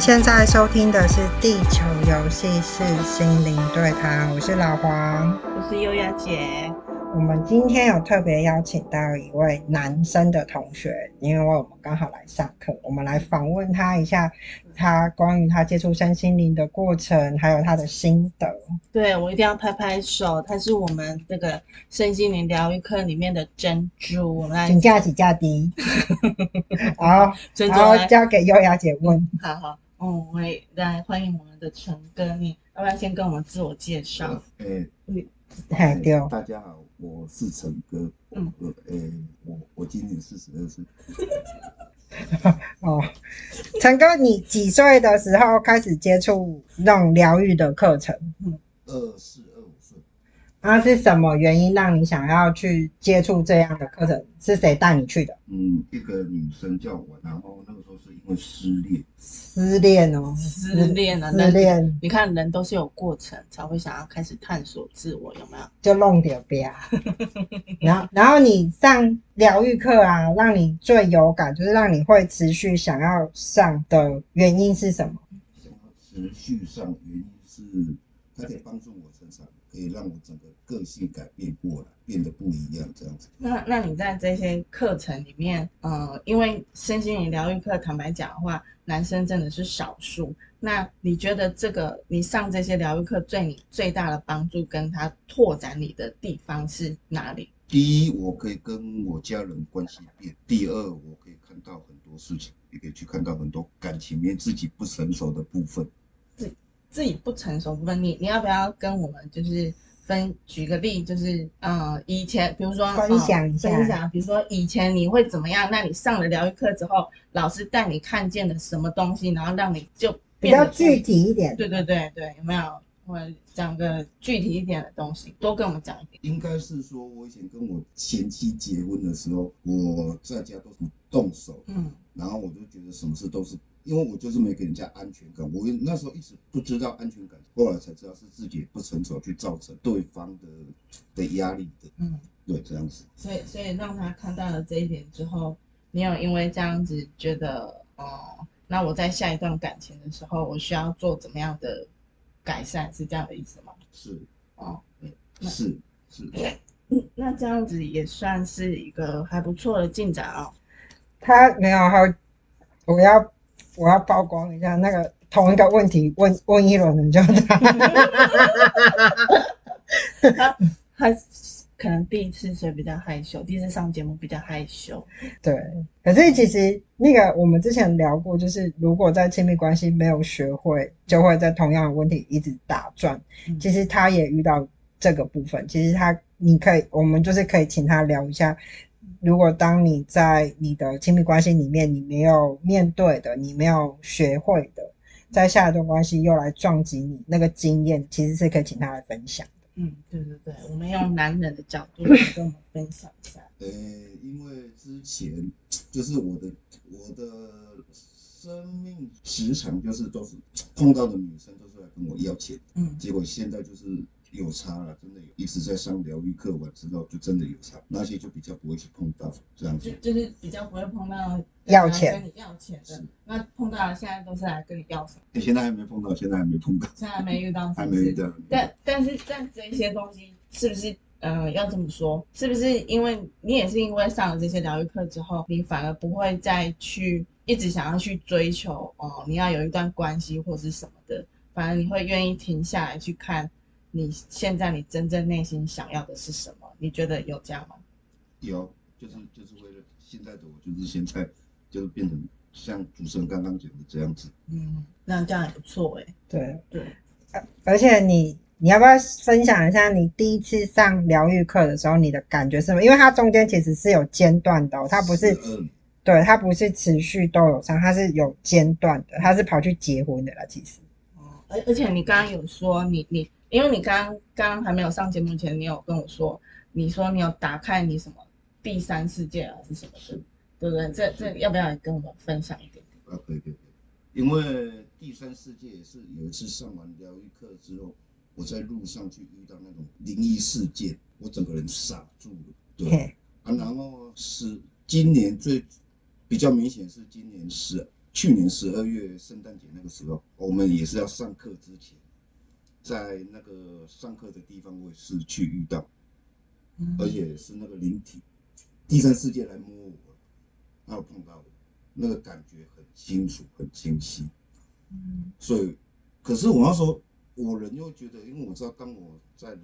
現在收聽的是《地球遊戲室》身心靈對談，我是老黃，我是優雅姐。我們今天有特別邀請到一位男生的同學，因為我們剛好來上課，我們來訪問他一下，他關於他接觸身心靈的過程，還有他的心得。對，我一定要拍拍手。他是我們這個身心靈療癒課裡面的珍珠。我們請假請假的。 好，珍珠交給優雅姐問。嗯、好，好。哦、嗯，我也來歡迎我們的成哥，你要不要先跟我們自我介紹？哎、呃，海、呃、雕、呃呃，大家好，我是成哥。嗯，呃，呃我我今年四十二歲。 哦，成哥，你幾歲的時候開始接觸那種療癒的課程？二十四。呃那是什麼原因讓你想要去接觸這樣的課程？是誰帶你去的？嗯，一個女生叫我，然後那個時候是因為失戀。失戀哦，失戀啊，失戀。你看，人都是有過程才會想要開始探索自我，有沒有？就弄點別啊。 然後，然後你上療癒課啊，讓你最有感，就是讓你會持續想要上的原因是什麼？想要持續上，原因是它可以幫助我成長。可以讓我整個個性改變過了，變得不一樣這樣子。那那你在這些課程裡面，呃，因為身心靈療癒課，坦白講的話，男生真的是少數。那你覺得這個你上這些療癒課最對你最大的幫助，跟他拓展你的地方是哪裡？第一，我可以跟我家人關係變；第二，我可以看到很多事情，也可以去看到很多感情面自己不成熟的部分。對。自己不成熟部分，你你要不要跟我們就是分舉個例，就是呃以前比如說分享一下、呃、分享，比如說以前你會怎麼樣？那你上了療癒課之後，老師帶你看見了什麼東西，然後讓你就比較具體一點。對對對對，有沒有我講個具體一點的東西，多跟我們講一點。應該是說我以前跟我前妻結婚的時候，我在家都不動手，嗯，然後我就覺得什麼事都是。因為我就是沒給人家安全感，我那時候一直不知道安全感，後來才知道是自己不成熟去造成對方的的壓力的。嗯，對，這樣子。所以，所以讓他看到了這一點之後，你有因為這樣子覺得哦、嗯，那我在下一段感情的時候，我需要做怎麼樣的改善？是這樣的意思嗎？是，哦、嗯，是是、嗯，那這樣子也算是一個還不錯的進展哦。他沒有，他我要。我要曝光一下那個同一個問題問問一輪，你知道 他。他可能第一次所以比較害羞，第一次上節目比較害羞。對，可是其實那個我們之前聊過，就是如果在親密關係沒有學會，就會在同樣的問題一直打轉。嗯。其實他也遇到這個部分，其實他你可以，我們就是可以請他聊一下。如果當你在你的親密關係裡面，你沒有面對的，你沒有學會的，在下一段關係又來撞擊你，那個經驗其實是可以請他來分享的。嗯，對對對，我們用男人的角度來、嗯、跟我們分享一下。呃，因為之前就是我的我的生命時長就是都是碰到的女生都是來跟我要錢，嗯，結果現在就是。有差了、啊，真的一直在上療癒課，我知道就真的有差。那些就比較不會去碰到這樣子就，就是比較不會碰到跟你要要錢，要錢的。那碰到了，現在都是來跟你要什麼、欸，現在還沒碰到，現在還沒碰到，現在還沒遇到，是不是沒遇到，還沒遇到。但但是但這些東西，是不是呃要這麼說？是不是因為你也是因為上了這些療癒課之後，你反而不會再去一直想要去追求哦、呃，你要有一段關係或是什麼的，反而你會願意停下來去看，你現在你真正內心想要的是什麼？你覺得有這樣嗎？有，就是就是為了現在的我，就是現在就是變成像主持人剛剛講的這樣子。嗯，那這樣也不錯哎、欸。對對、啊，而且你你要不要分享一下你第一次上療癒課的時候，你的感覺是什麼？因為它中間其實是有間斷的、喔，它不是，對，它不是持續都有上，它是有間斷的，它是跑去結婚的啦，其實。哦、嗯，而而且你剛剛有說你你。你因為你剛剛剛還沒有上節目前，你有跟我說，你說你有打開你什麼第三世界啊，是什麼的，對不對？這這要不要跟我分享一點？啊，可以可以，因為第三世界也是有一次上完療癒課之後，我在路上去遇到那種靈異事件，我整個人傻住了，對啊，然後是今年最比較明顯是今年是去年十二月聖誕節那個時候，我們也是要上課之前。在那個上課的地方，我也是去遇到，嗯、而且是那個靈體、第三世界來摸我，然後碰到我，那個感覺很清楚，很清晰。嗯，所以，可是我要說，我人又覺得，因為我知道，當我在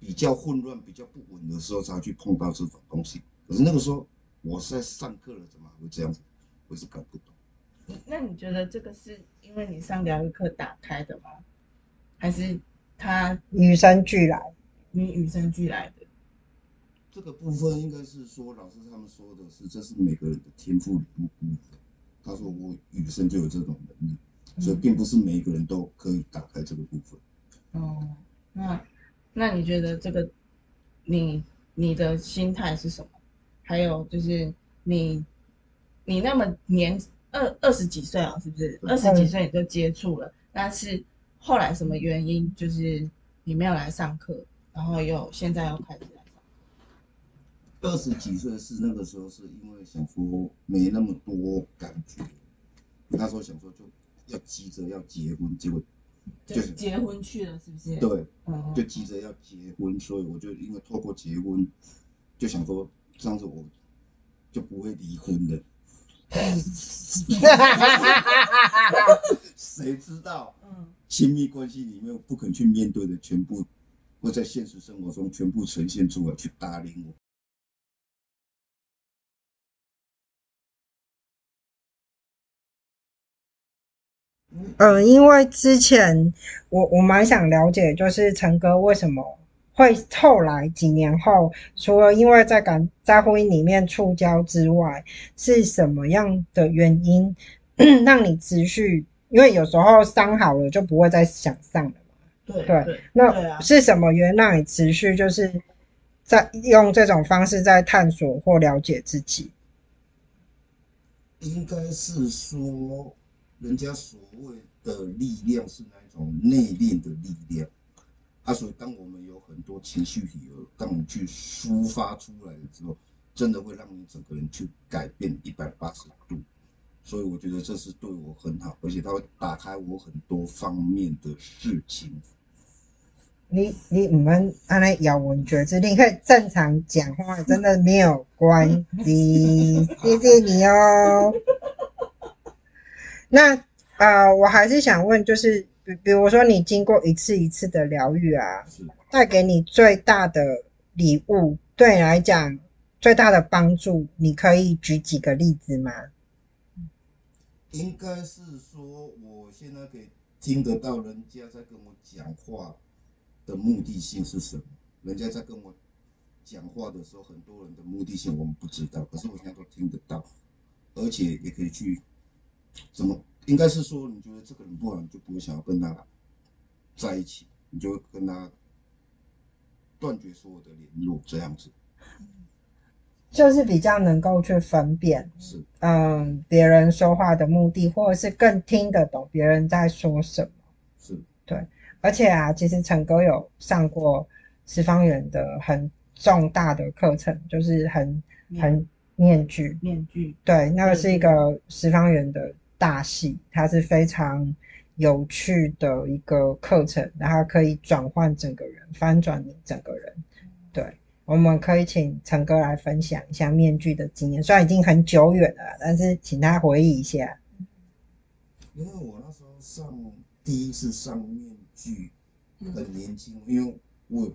比較混亂、比較不穩的時候，才去碰到這種東西。可是那個時候，我是在上課了，怎麼會這樣子，我是搞不懂。那你覺得這個是因為你上療癒課打開的嗎？還是他與生俱來？你與生俱來的。這個部分應該是說，老師他們說的是這、就是每個人的天賦，他說我與生就有這種能力、嗯，所以並不是每一個人都可以打開這個部分。哦，那那你覺得這個你你的心態是什麼？還有就是你你那麼年。二二十幾歲啊，是不是？二十幾歲你就接觸了、嗯，但是後來什麼原因，就是你沒有來上課，然後又現在又開始來上課。二十幾歲是那個時候，是因為想說沒那麼多感覺，那時候想說就要急着要結婚，結果就結婚去了，是不是？對，就急着要結婚，所以我就因為透過結婚，就想說這樣子我就不會離婚的。哈，誰知道？嗯，親密關係裡面不肯去面對的全部，我在現實生活中全部呈現出來去打臉我。嗯、呃，因為之前我我蠻想了解，就是成哥為什麼。會後來幾年後，除了因為在感，在婚姻裡面觸礁之外，是什麼樣的原因讓你持續？因為有時候傷好了就不會再想上了嘛。對、對、對，那對、啊、是什麼原因讓你持續，就是在用這種方式在探索或了解自己？應該是說，人家所謂的力量是那種內斂的力量。啊，所以當我們有很多情緒餘額，當我們去抒發出來的時候，真的會讓你整個人去改變一百八十度。所以我覺得這是對我很好，而且它會打開我很多方面的事情。你你唔好安尼咬文嚼字，你可以正常講話，真的沒有關係。謝 謝 你哦。 那啊、呃，我還是想問，就是。比比如說，你經過一次一次的療癒啊，是帶給你最大的禮物，對你來講最大的幫助，你可以舉幾個例子嗎？應該是說，我現在可以聽得到人家在跟我講話的目的性是什麼？人家在跟我講話的時候，很多人的目的性我們不知道，可是我現在都聽得到，而且也可以去怎麼？應該是說，你覺得這個人不好，你就不會想要跟他在一起，你就跟他斷絕所有的聯絡，這樣子就是比較能夠去分辨，是，嗯，別人說話的目的，或者是更聽得懂別人在說什麼，是，對。而且啊，其實成哥有上過十方園的很重大的課程，就是很很面具面具，對，那個是一個十方園的，大戲，它是非常有趣的一個課程，然後可以轉換整個人，翻轉你整個人。對，我們可以請成哥來分享一下面具的經驗，雖然已經很久遠了，但是請他回憶一下。因為我那時候上第一次上面具，很年輕，因為我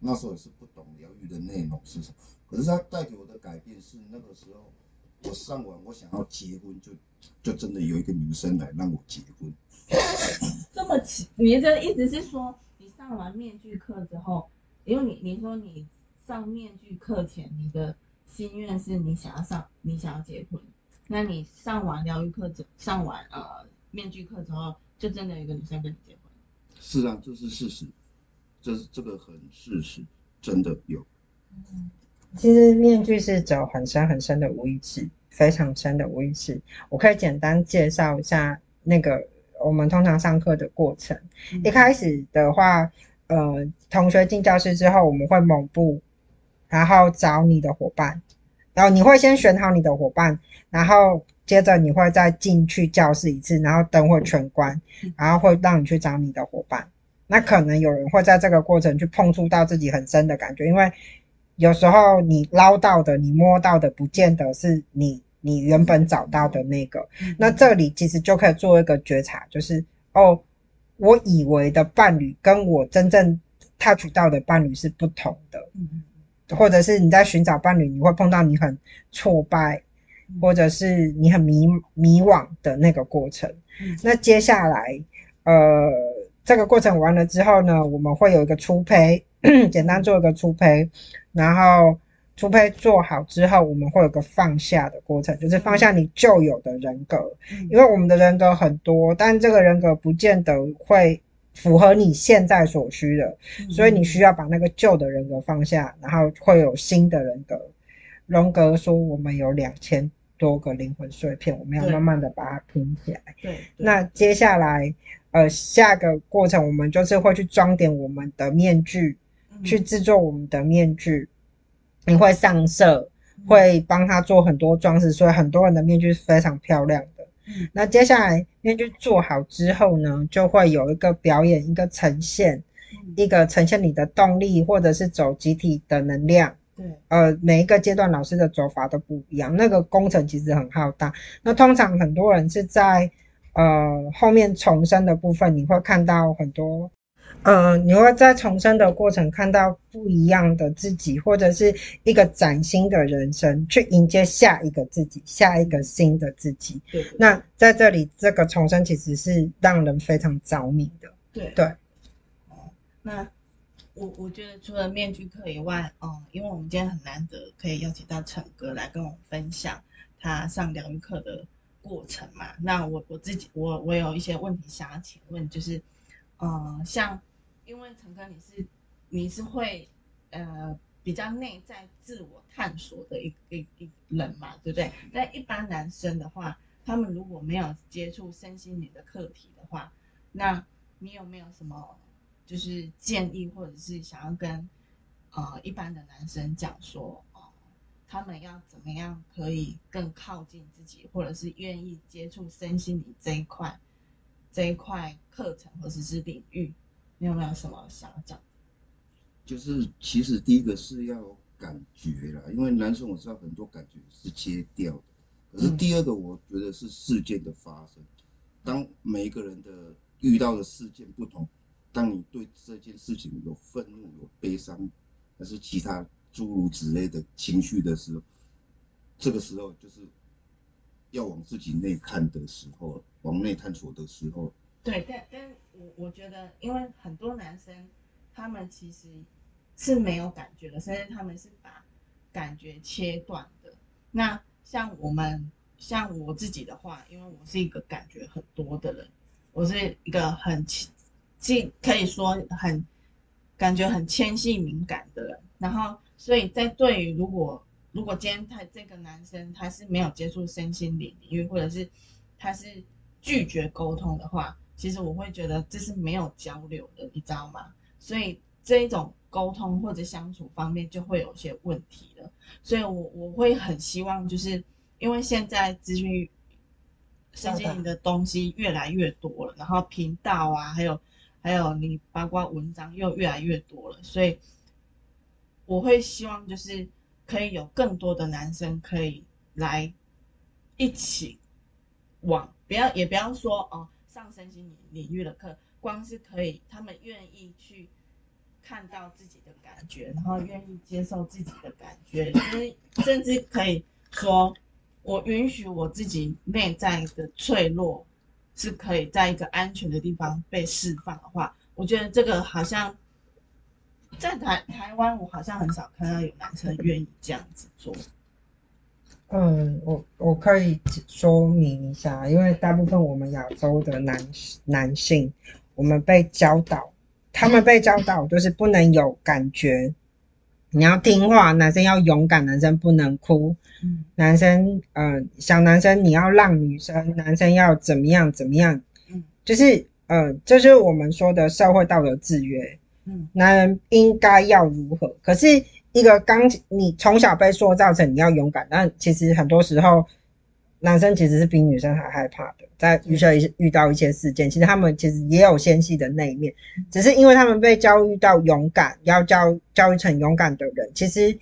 那時候也是不懂療癒的內容是什麼，可是它帶給我的改變是，那個時候我上完，我想要結婚就。就真的有一個女生來讓我結婚， 這麼奇？你的意思是說，你上完面具課之後，因為你你說你上面具課前，你的心願是你想要上，你想要結婚。那你上完療癒課之上完呃面具課之後，就真的有一個女生跟你結婚？是啊，這是事實，這是這個很事實，真的有。嗯，其實面具是找很深很深的危機。非常深的無意識，我可以簡單介紹一下那個我們通常上課的過程。嗯。一開始的話，呃，同學進教室之後，我們會蒙布，然後找你的伙伴，然後你會先選好你的伙伴，然後接着你會再進去教室一次，然後燈會全關，然後會讓你去找你的伙伴。那可能有人會在這個過程去碰觸到自己很深的感覺，因為有時候你撈到的、你摸到的，不見得是你。你原本找到的那個、嗯，那這裡其實就可以做一個覺察，就是哦，我以為的伴侶跟我真正 touch 到的伴侶是不同的，嗯、或者是你在尋找伴侶，你會碰到你很挫敗，嗯、或者是你很迷迷惘的那個過程、嗯。那接下來，呃，這個過程完了之後呢，我們會有一個初胚， 簡單做一個初胚，然後。除非做好之後，我們會有個放下的過程，就是放下你舊有的人格，嗯，因為我們的人格很多，但這個人格不見得會符合你現在所需的，嗯，所以你需要把那個舊的人格放下，然後會有新的人格。榮格說，我們有兩千多個靈魂碎片，我們要慢慢的把它拼起來。對，對，對，那接下來，呃，下個過程我們就是會去裝點我們的面具，嗯，去製作我們的面具。你會上色，會幫他做很多裝飾，所以很多人的面具是非常漂亮的。嗯、那接下來面具做好之後呢，就會有一個表演，一個呈現，嗯、一個呈現你的動力，或者是走集體的能量、嗯。呃，每一個階段老師的走法都不一樣，那個工程其實很浩大。那通常很多人是在呃後面重生的部分，你會看到很多。嗯，你會在重生的過程看到不一樣的自己，或者是一個嶄新的人生，去迎接下一個自己，下一個新的自己。對，對，對，那在這裡，這個重生其實是讓人非常着迷的。對對。嗯、那我我覺得除了面具課以外，嗯，因為我們今天很難得可以邀請到成哥來跟我分享他上療癒課的過程嘛，那我我自己我我有一些問題想要請問，就是。呃，像因為成哥你是你是會呃比較內在自我探索的一個一個一個人嘛，對不對？但一般男生的話，他們如果沒有接觸身心靈的課題的話，那你有沒有什麼就是建議，或者是想要跟呃一般的男生講說，哦、呃，他們要怎麼樣可以更靠近自己，或者是願意接觸身心靈這一塊？這一塊課程或者是領域，你有沒有什麼想要講？就是其實第一個是要感覺啦，因為男生我知道很多感覺是切掉的。可是第二個，我覺得是事件的發生。嗯，當每一個人的遇到的事件不同，當你對這件事情有憤怒、有悲傷，還是其他諸如此類的情緒的時候，這個時候就是。要往自己內看的時候，往內探索的時候，對，但但我我覺得，因為很多男生，他們其實是沒有感覺的，甚至他們是把感覺切斷的。那像我們，像我自己的話，因為我是一個感覺很多的人，我是一個很纖，可以說很，感覺很纖細敏感的人，然後所以在對於如果。如果今天他這個男生他是沒有接觸身心靈領域，或者是他是拒絕溝通的話，其實我會覺得這是沒有交流的，你知道嗎？所以這一種溝通或者相處方面就會有些問題了。所以我，我我會很希望，就是因為現在資訊身心靈的東西越來越多了，然後頻道啊，還有還有你八卦文章又越來越多了，所以我會希望就是。可以有更多的男生可以來一起往，不要也不要說哦，上身心靈領域的課，光是可以他們願意去看到自己的感覺，然後願意接受自己的感覺，就是甚至可以說我允許我自己內在的脆弱是可以在一個安全的地方被釋放的話，我覺得這個好像，在台台灣，我好像很少看到有男生願意這樣子做。嗯，我我可以說明一下，因為大部分我們亞洲的男男性，我們被教導，他們被教導就是不能有感覺，你要聽話，男生要勇敢，男生不能哭，嗯、男生，嗯、呃，小男生你要讓女生，男生要怎麼樣怎麼樣，就是，呃，這、就是我們說的社會道德制約。男人應該要如何？可是一個剛你從小被塑造成你要勇敢，但其實很多時候男生其實是比女生還害怕的，在遇一些遇到一些事件，其實他們其實也有纖細的那一面，只是因為他們被教育到勇敢，要教教育成勇敢的人，其實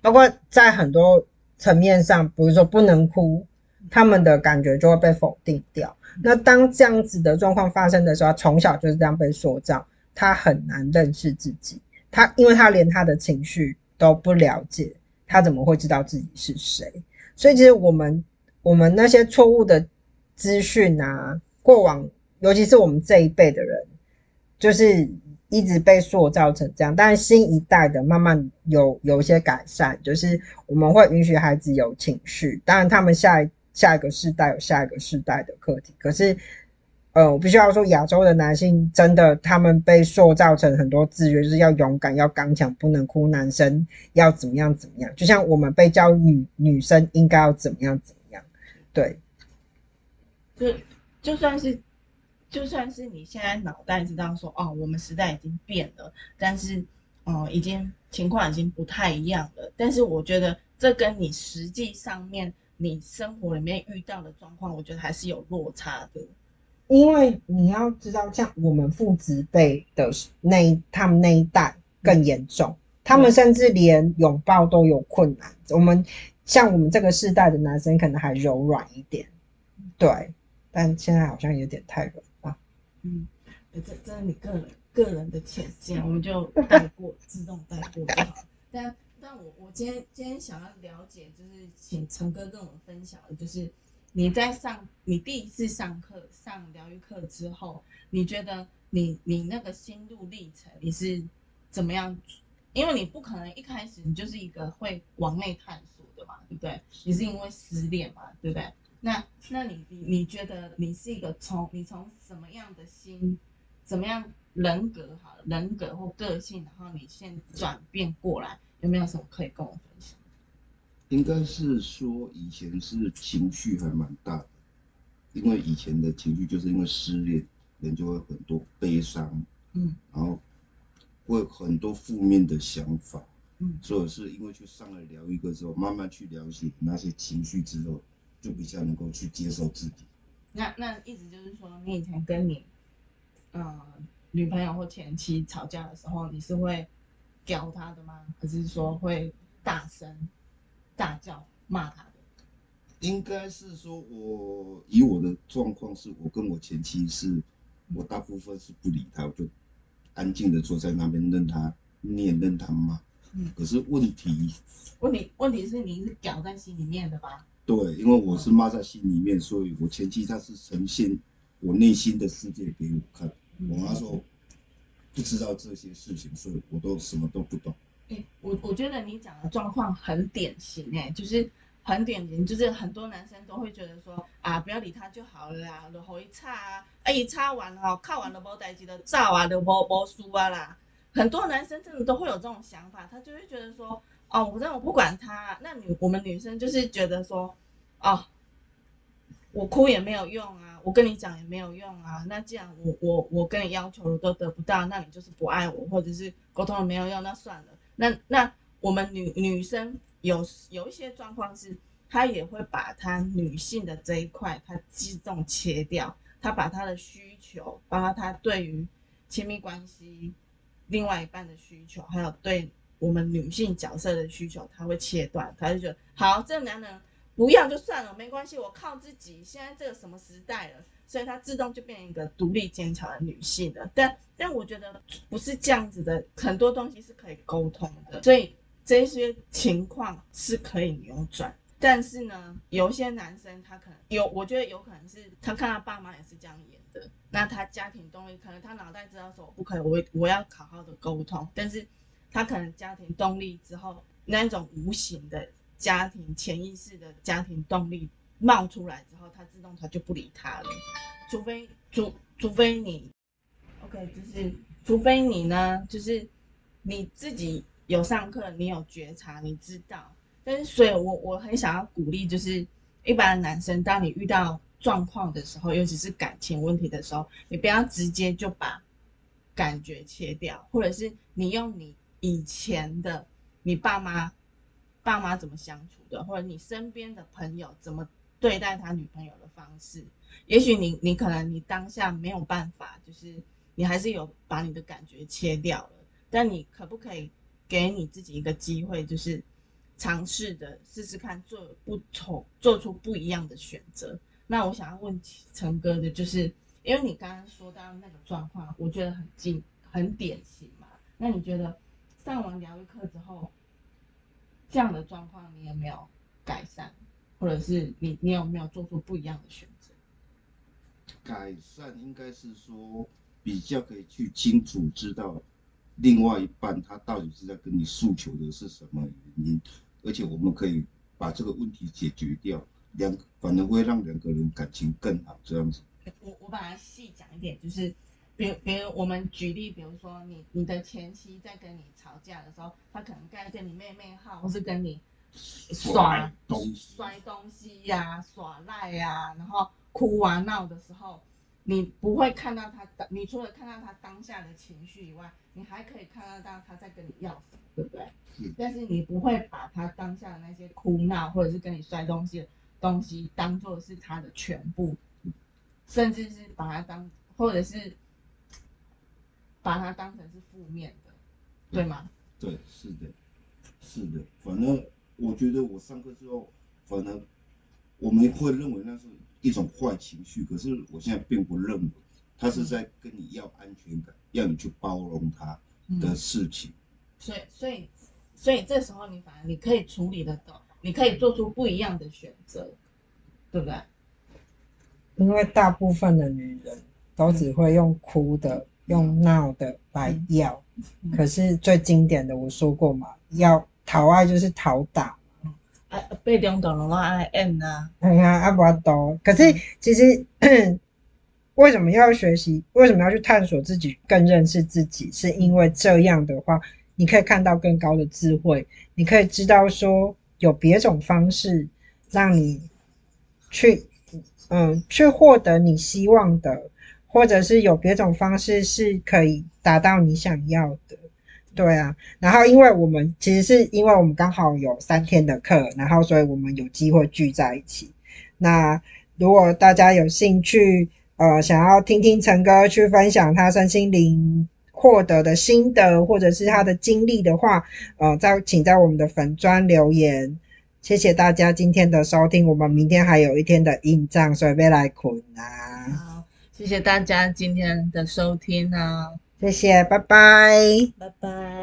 包括在很多層面上，比如說不能哭，他們的感覺就會被否定掉。那當這樣子的狀況發生的時候，從小就是這樣被塑造。他很難認識自己，他因為他連他的情緒都不了解，他怎麼會知道自己是誰？所以其實我們我們那些錯誤的資訊啊，過往尤其是我們這一輩的人，就是一直被塑造成這樣。但是新一代的慢慢有有一些改善，就是我們會允許孩子有情緒，當然他們下一下一個世代有下一個世代的課題，可是。呃，我必須要說，亞洲的男性真的，他們被塑造成很多制約，就是要勇敢、要剛強，不能哭。男生要怎麼樣怎麼樣，就像我們被教育女女生應該要怎麼樣怎麼樣。對，就就算是就算是你現在腦袋知道說，哦，我們時代已經變了，但是，哦、嗯、已經情況已經不太一樣了。但是我覺得這跟你實際上面你生活裡面遇到的狀況，我覺得還是有落差的。因為你要知道，像我們父執輩的那一他們那一代更嚴重，他們甚至連擁抱都有困難。我們像我們這個世代的男生，可能還柔軟一點。對，但現在好像有點太軟了。嗯，這這是你個人個人的淺見， 我們就帶過，自動帶過就好。 但但我我今天今天想要了解就，就是請成哥跟我們分享的就是。你在上你第一次上課上療癒課之後，你覺得你你那個心路歷程你是怎麼樣？因為你不可能一開始你就是一個會往內探索的嘛，對不對？你是因為失戀嘛，對不對？那那你你覺得你是一個從你從什麼樣的心，怎麼樣人格哈，人格或個性，然後你先轉變過來，有沒有什麼可以跟我分享？應該是說以前是情緒還蠻大的，因為以前的情緒就是因為失戀，人就會很多悲傷，嗯，然後會很多負面的想法，嗯，所以是因為去上了療癒課之後，慢慢去了解那些情緒之後，就比較能夠去接受自己。那那意思就是說，你以前跟你，呃，女朋友或前妻吵架的時候，你是會，屌她，的嗎？還是說會大聲？大叫罵他的，應該是說我，我以我的狀況是，我跟我前妻是，我大部分是不理他，我就安靜的坐在那邊認，任他念，任他罵。可是問題，問題問題是你是吊在心裡面的吧？對，因為我是罵在心裡面，嗯，所以我前妻她是呈現我內心的世界給我看。嗯，我媽說我不知道這些事情，所以我都什麼都不懂。欸、我我覺得你講的狀況很典型誒、欸，就是很典型，就是很多男生都會覺得說啊，不要理他就好了啦，然後一插啊，哎一插完哈、哦，看完了不帶幾的照啊，了，不包書啊啦，很多男生真的都會有這種想法，他就會覺得說，哦，我正我不管他、啊，那女我們女生就是覺得說，哦，我哭也沒有用啊，我跟你講也沒有用啊，那既然我我我跟你要求都得不到，那你就是不愛我，或者是溝通了沒有用，那算了。那那我們女女生有有一些狀況是，她也會把她女性的這一塊，她自動切掉，她把她的需求，包括她對於親密關係另外一半的需求，還有對我們女性角色的需求，她會切斷，她就覺得好，這個男人不要就算了，沒關係，我靠自己，現在這個什麼時代了。所以他自動就變成一個獨立堅強的女性了，但但我覺得不是這樣子的，很多東西是可以溝通的，所以這些情況是可以扭轉。但是呢，有些男生他可能有，我覺得有可能是他看他爸媽也是這樣演的，那他家庭動力可能他腦袋知道說我不可以，我我要好好的溝通，但是他可能家庭動力之後那一種無形的家庭，潛意識的家庭動力。冒出來之後，他自動他就不理他了，除非除除非你，OK，就是除非你呢，就是你自己有上課，你有覺察，你知道。但是，所以我我很想要鼓勵，就是一般的男生，當你遇到狀況的時候，尤其是感情問題的時候，你不要直接就把感覺切掉，或者是你用你以前的你爸媽爸媽怎麼相處的，或者你身邊的朋友怎麼。對待他女朋友的方式，也許你你可能你當下沒有辦法，就是你還是有把你的感覺切掉了。但你可不可以給你自己一個機會，就是嘗試的試試看做不同，做出不一樣的選擇？那我想要問成哥的就是，因為你剛剛說到那個狀況，我覺得很近很典型嘛。那你覺得上完療癒課之後，這樣的狀況你有沒有改善？或者是你，你有沒有做出不一樣的選擇？改善應該是說，比較可以去清楚知道，另外一半他到底是在跟你訴求的是什麼原因，嗯，而且我們可以把這個問題解決掉，兩個反而會讓兩個人感情更好。這樣子，我我把它細講一點，就是比如，比如我們舉例，比如說你你的前妻在跟你吵架的時候，他可能該跟你妹妹好，或是跟你。摔東西、啊、摔東西呀，耍賴呀，然後哭啊鬧的時候，你不會看到他的，你除了看到他當下的情緒以外，你還可以看得到他在跟你要什麼，對不對？但是你不會把他當下的那些哭鬧或者是跟你摔東西的東西當做是他的全部，甚至是把他當，或者是把他當成是負面的，對嗎？對，對，是的，是的，反正。我覺得我上課之後，反而我們會認為那是一種壞情緒。可是我現在並不認為，他是在跟你要安全感，嗯、要你去包容他的事情、嗯。所以，所以，所以這時候你反而你可以處理得到，你可以做出不一樣的選擇，對不對？因為大部分的女人都只會用哭的、嗯、用鬧的來要、嗯。可是最經典的，我說過嘛，要。討愛，啊，就是討打，啊，被領導人拉來演啊，嗯啊，可是，嗯，其實，為什麼要學習？為什麼要去探索自己，更認識自己？是因為這樣的話，你可以看到更高的智慧，你可以知道說，有別種方式讓你去，嗯，去獲得你希望的，或者是有別種方式是可以達到你想要的。對啊，然後因為我們其實是因為我們剛好有三天的課，然後所以我們有機會聚在一起。那如果大家有興趣，呃，想要聽聽成哥去分享他身心靈獲得的心得，或者是他的經歷的話，呃，再請在我們的粉專留言。謝謝大家今天的收聽，我們明天還有一天的硬仗。所以未來困難，啊。好，謝謝大家今天的收聽啊。謝謝，拜拜，拜拜。